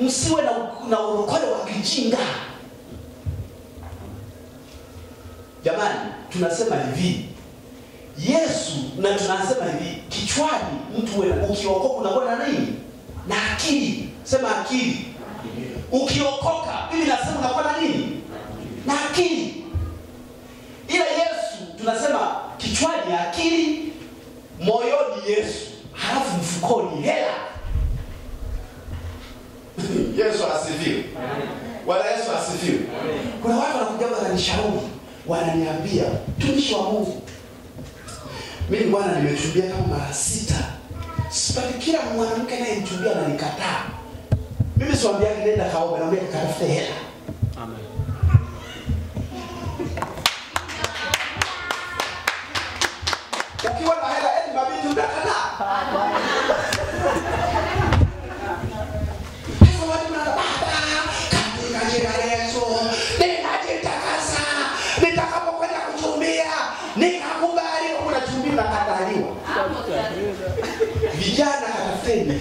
msiwe na, na urokole wa kijinga jamani tunasema hivi yesu na tunasema hivi kichwani mtu ukiokoka unakuwa na nini na akili sema akili ukiokoka ili nasema unakuwa na nini na akili ila yesu tunasema kichwani akili moyoni yesu halafu mfukoni hela Yesu asifiwe. wala Yesu asifiwe. Kuna watu wanakuja wananishauri, wananiambia tumishi wa Mungu, mimi bwana, nimetumbia kama mara sita, sipati kila mwanamke naye mtumbia ananikataa mimi. Siwambiagi nenda kaombe, naambia katafute hela. Amen. Ukiwa na hela eti mabinti utakataa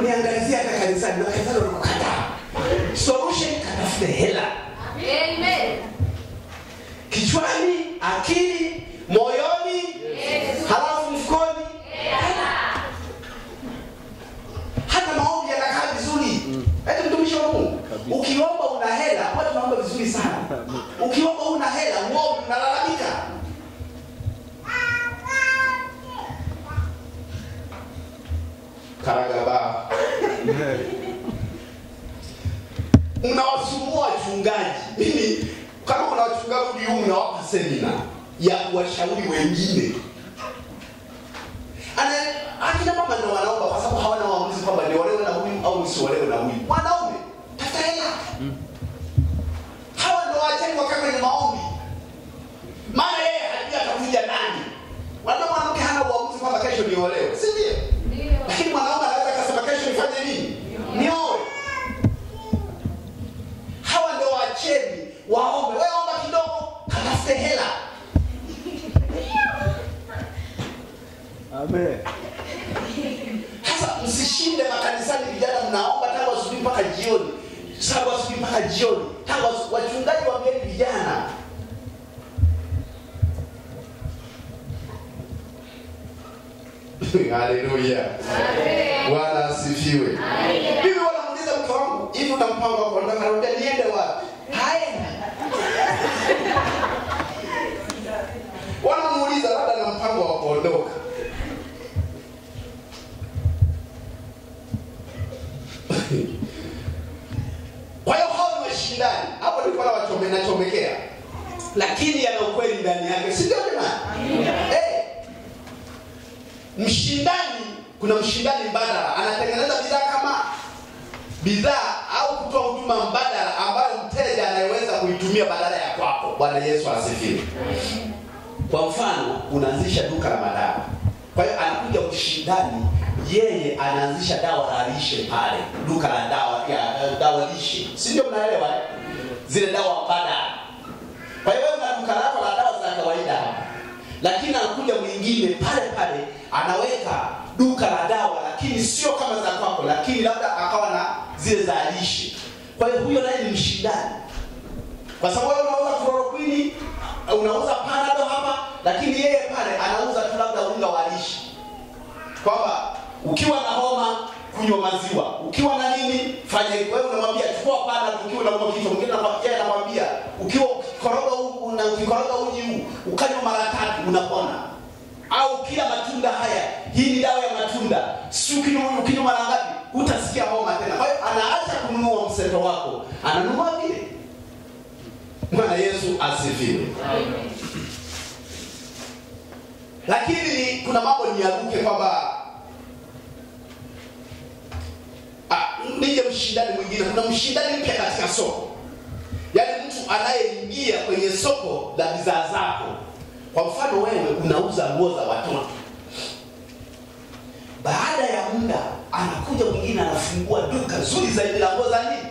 mliangalizia hata kanisani na kanisani wamekataa. Solution katafute hela. Amen. Kichwani, akili, moyoni, yes. halafu mfukoni. Hela. Hata maombi yanakaa vizuri. Mm. Eti mtumishi wa Mungu, ukiomba una hela, watu wanaomba vizuri sana. Uki kuwashauri wengine haleluya bwana asifiwe bibi wanamuuliza mke wangu hivi utampango kuondoka naambia niende wapi kutoa huduma mbadala ambayo mteja anayeweza kuitumia badala ya kwako. Bwana Yesu asifiwe. Kwa mfano, unaanzisha duka la madawa, kwa hiyo anakuja mshindani, yeye anaanzisha dawa la lishe pale, duka la dawa ya dawa lishe, si ndio? Mnaelewa eh? zile dawa mbadala. Kwa hiyo na duka lako la dawa za kawaida hapa, lakini anakuja mwingine pale pale anaweka duka la dawa, lakini sio kama za kwako, lakini labda akawa na zile za lishe kwa hiyo huyo naye ni mshindani, kwa sababu wewe unauza chloroquine, unauza panado hapa, lakini yeye pale anauza tu labda unga wa lishe, kwamba ukiwa na homa kunywa maziwa, ukiwa na nini fanya hivyo. Wewe unamwambia chukua pana, ukiwa na kitu mwingine, anakwambia anamwambia ukiwa ukikoroga huu na ukikoroga uji huu ukanywa mara tatu unapona, au kila matunda haya. Hii ni dawa ya matunda, si ukinywa ukinywa mara ngapi hutasikia homa tena. Kwa hiyo anaacha kununua mseto wako, ananunua vile. Bwana Yesu asifiwe. Lakini kuna mambo niaruke kwamba ah, nije mshindani mwingine. Kuna mshindani mpya katika soko, yaani mtu anayeingia kwenye soko la bidhaa zako. Kwa mfano, wewe unauza nguo za watoto anakuja mwingine anafungua duka zuri zaidi la ngoza za nini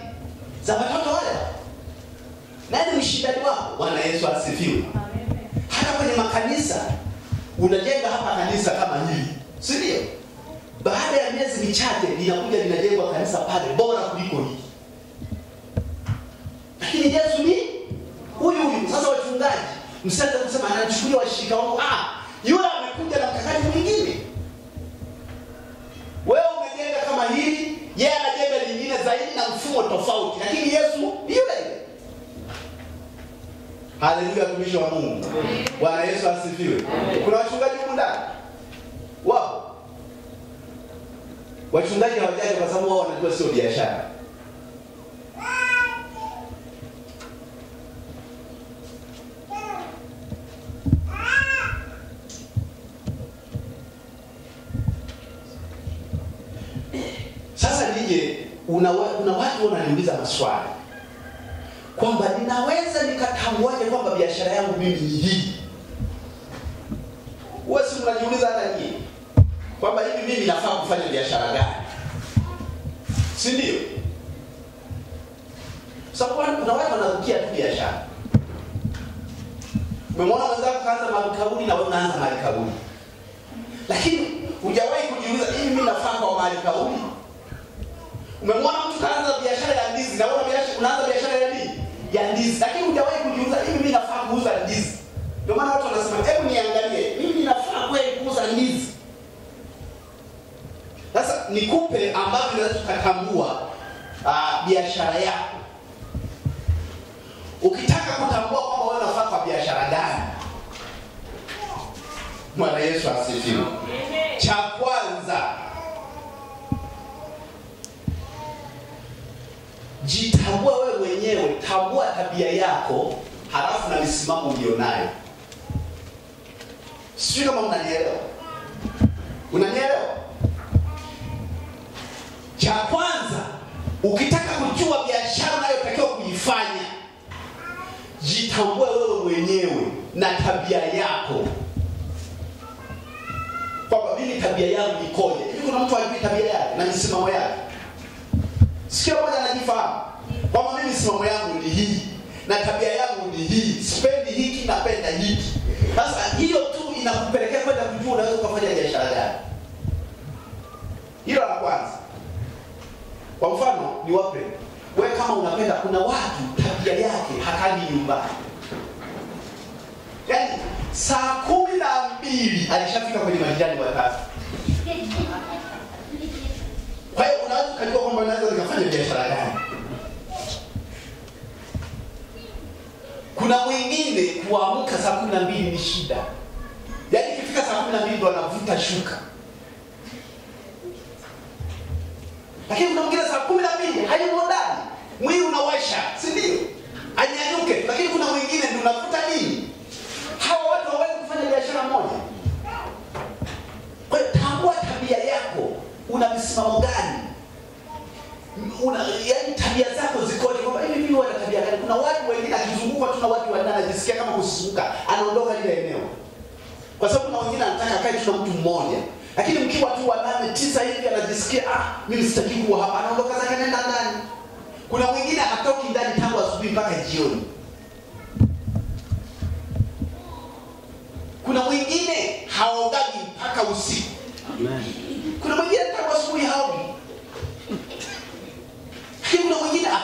za watoto wale. Nani mshindani wao? Bwana Yesu asifiwe. Hata kwenye makanisa unajenga hapa kanisa kama hili, si ndio? Baada ya miezi michache linakuja linajengwa kanisa pale bora kuliko hili, lakini Yesu ni huyu huyu. Sasa wachungaji, msianze kusema anachukulia washirika wangu. Ah, yule kipimo tofauti, lakini Yesu yule. Haleluya, mtumishi wa Mungu. Bwana Yesu asifiwe. Kuna wachungaji huko wao wachungaji hawajaja kwa sababu wao wanajua sio biashara una, una watu wananiuliza maswali kwamba ninaweza nikatambuaje kwamba biashara yangu mimi ni hii. Wasi mnajiuliza hata nyinyi kwamba hivi mimi nafaa kufanya biashara gani, si ndio? Sababu kuna watu wanarukia tu biashara. Umemwona mwenzako kaanza malikauli na wewe unaanza malikauli, lakini hujawahi kujiuliza hivi mimi nafaa kwa malikauli Umemwona mtu kaanza biashara ya ndizi na wewe biashara unaanza biashara ya nini? Ya ndizi. Lakini hujawahi kujiuliza hivi mimi nafaa kuuza ndizi. Ndio maana watu wanasema hebu niangalie mimi ninafaa kweli kuuza ndizi. Sasa nikupe ambavyo unaweza tukatambua uh, ah, biashara yako. Ukitaka kutambua kwamba wewe unafaa kwa biashara gani? Bwana Yesu asifiwe. Cha jitambua wewe mwenyewe, tambua tabia yako, halafu na misimamo ulionayo. Sijui kama unanielewa. unanielewa? Cha kwanza, ukitaka kujua biashara unayotakiwa kuifanya, jitambue wewe mwenyewe na tabia yako kwamba mimi tabia yangu ikoje. Hivi kuna mtu ajui tabia yake na misimamo yake? sikia moja anajifahamu kwamba mimi simamo yangu ni hii na tabia yangu ni hii, sipendi hiki, napenda hiki. Sasa hiyo tu inakupelekea kwenda kujua unaweza ukafanya biashara gani. Hilo la kwanza. Kwa mfano ni wape wewe kama unapenda, kuna watu tabia yake hakani nyumbani, yaani saa kumi na mbili alishafika kwenye majirani watatu najua kwamba naweza nikafanya biashara gani. Kuna mwingine kuamka saa kumi na mbili ni shida, yaani kifika saa kumi na mbili ndo anavuta shuka lakini kuna mwingine saa kumi na mbili hayumo ndani, mwili unawasha, si ndio? Anyanyuke, lakini kuna mwingine ndi unavuta nini? Hawa watu hawawezi kufanya biashara moja. Kwa hiyo tambua tabia yako, una msimamo gani? una yani tabia zako zikoje, kwamba hivi mimi wana tabia gani? Kuna watu wengine akizunguka tuna watu wanne anajisikia kama kusuka anaondoka ile eneo, kwa sababu kuna wengine anataka kae tu na mtu mmoja lakini mkiwa tu wanane tisa hivi anajisikia ah, mimi sitaki kuwa hapa, anaondoka zake nenda ndani. Kuna mwingine hatoki ndani tangu asubuhi mpaka jioni. Kuna mwingine haogaji mpaka usiku. Kuna mwingine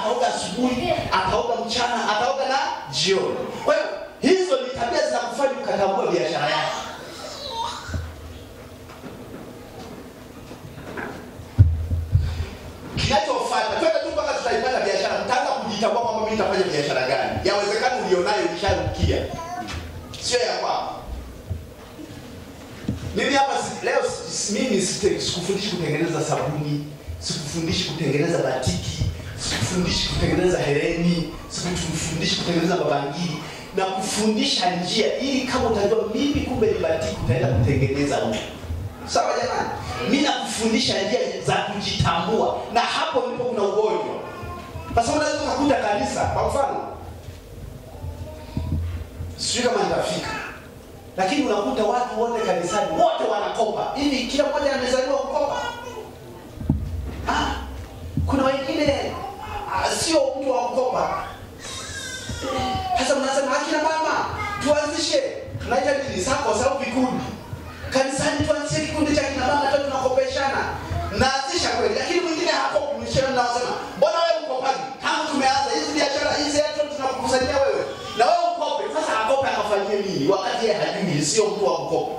ataoga asubuhi, ataoga mchana, ataoga na jioni. Kwa hiyo hizo ni tabia zinakufanya ukatambua biashara yako. kinachofata twende tu mpaka tutaipata biashara, tutaanza kujitambua kwamba mi nitafanya biashara gani. Yawezekana ulionayo ulisharukia, sio ya kwa Mimi hapa leo mimi sikufundishi kutengeneza sabuni, sikufundishi kutengeneza batiki, kutufundishi kutengeneza hereni, sijui kutufundishi kutengeneza mabangili na kufundisha njia, ili kama utajua mimi kumbe nibatiki, utaenda kutengeneza huko. Sawa jamani, mimi nakufundisha njia za kujitambua, na hapo ndipo kuna ugonjwa, kwa sababu unaweza ukakuta kanisa, kwa mfano, sijui kama nitafika lakini unakuta watu wote kanisani wote wanakopa hivi, kila mmoja amezaliwa kukopa tunajadili SACCOS au vikundi kanisani, tuanzie kikundi cha kina mama tu tunakopeshana. Naanzisha kweli, lakini mwingine hapo kumshia wasema mbona wewe uko pale? Kama tumeanza hizi biashara hizi yetu tunakukusanyia wewe na wewe ukope. Sasa akope akafanyie nini wakati yeye hajui, sio mtu wa kukopa.